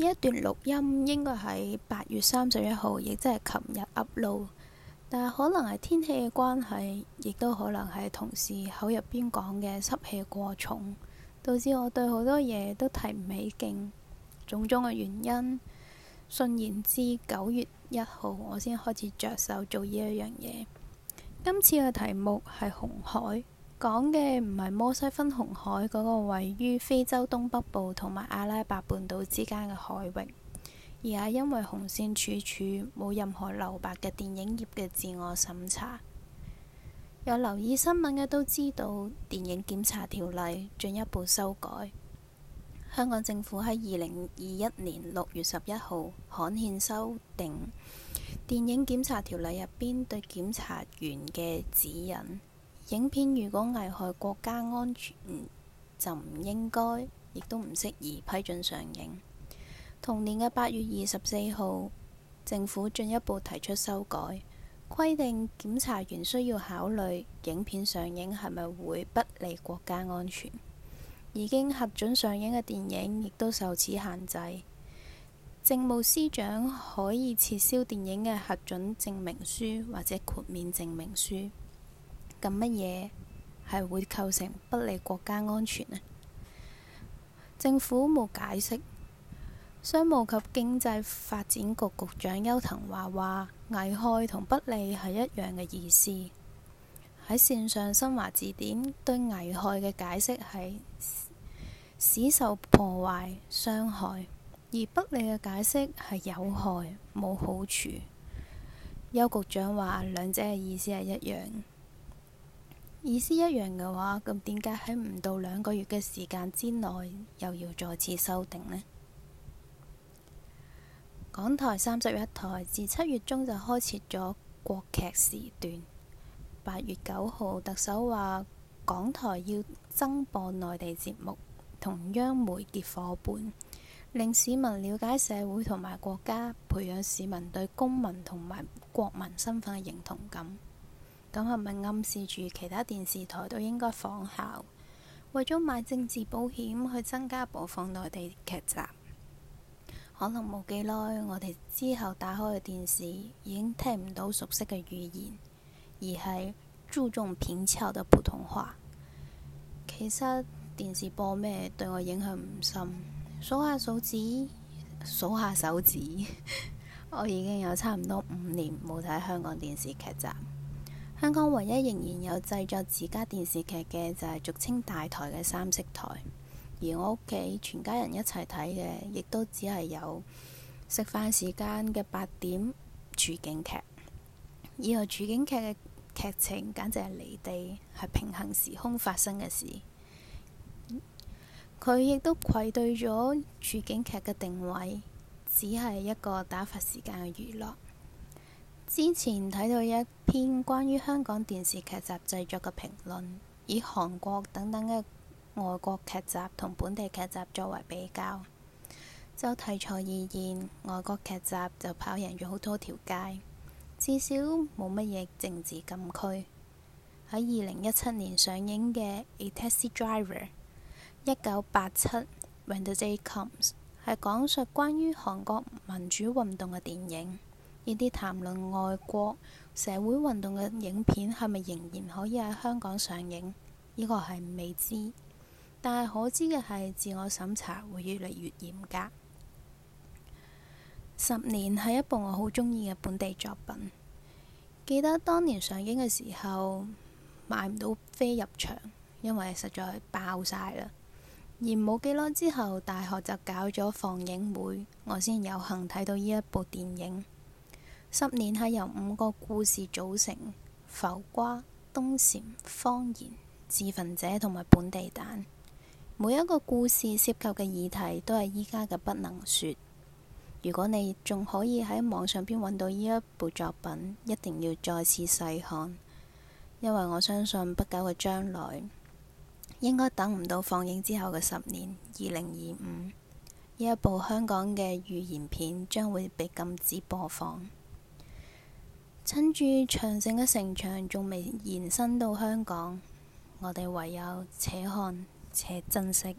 呢一段錄音應該係八月三十一號，亦即係琴日 upload，但係可能係天氣嘅關係，亦都可能係同事口入邊講嘅濕氣過重，導致我對好多嘢都提唔起勁。種種嘅原因，順延至九月一號，我先開始着手做呢一樣嘢。今次嘅題目係紅海。講嘅唔係摩西分紅海嗰個位於非洲東北部同埋阿拉伯半島之間嘅海域，而係因為紅線處處冇任何留白嘅電影業嘅自我審查。有留意新聞嘅都知道，電影檢查條例進一步修改。香港政府喺二零二一年六月十一號刊憲修訂電影檢查條例入邊對檢查員嘅指引。影片如果危害國家安全，就唔應該，亦都唔適宜批准上映。同年嘅八月二十四號，政府進一步提出修改規定，檢查員需要考慮影片上映係咪會不利國家安全。已經核准上映嘅電影亦都受此限制。政務司長可以撤銷電影嘅核准證明書或者豁免證明書。咁乜嘢係會構成不利國家安全呢？政府冇解釋。商務及經濟發展局局長邱騰華話危害同不利係一樣嘅意思。喺綫上新華字典對危害嘅解釋係使受破壞、傷害，而不利嘅解釋係有害冇好處。邱局長話兩者嘅意思係一樣。意思一樣嘅話，咁點解喺唔到兩個月嘅時間之內又要再次修訂呢？港台三十一台自七月中就開設咗國劇時段。八月九號，特首話港台要增播內地節目，同央媒結夥伴，令市民了解社會同埋國家，培養市民對公民同埋國民身份嘅認同感。咁係咪暗示住其他電視台都應該仿效，為咗買政治保險去增加播放內地劇集？可能冇幾耐，我哋之後打開嘅電視已經聽唔到熟悉嘅語言，而係注重片酬嘅普通話。其實電視播咩對我影響唔深，數下手指，數下手指，我已經有差唔多五年冇睇香港電視劇集。香港唯一仍然有製作自家電視劇嘅就係俗稱大台嘅三色台，而我屋企全家人一齊睇嘅，亦都只係有食飯時間嘅八點處境劇。以後處境劇嘅劇情簡直係離地，係平行時空發生嘅事。佢、嗯、亦都愧對咗處境劇嘅定位，只係一個打發時間嘅娛樂。之前睇到一篇關於香港電視劇集製作嘅評論，以韓國等等嘅外國劇集同本地劇集作為比較。就題材而言，外國劇集就跑贏咗好多條街，至少冇乜嘢政治禁區。喺二零一七年上映嘅《A Taxi Driver》、《一九八七 When the Day Comes》係講述關於韓國民主運動嘅電影。呢啲談論愛國社會運動嘅影片係咪仍然可以喺香港上映？呢個係未知，但係可知嘅係自我審查會越嚟越嚴格。十年係一部我好中意嘅本地作品。記得當年上映嘅時候，買唔到飛入場，因為實在爆晒啦。而冇幾耐之後，大學就搞咗放映會，我先有幸睇到呢一部電影。十年係由五個故事組成：浮瓜、冬蟬、方言、自焚者同埋本地蛋。每一個故事涉及嘅議題都係依家嘅不能說。如果你仲可以喺網上邊揾到呢一部作品，一定要再次細看，因為我相信不久嘅將來，應該等唔到放映之後嘅十年（二零二五），呢一部香港嘅預言片將會被禁止播放。趁住長城嘅城牆仲未延伸到香港，我哋唯有且看且珍惜。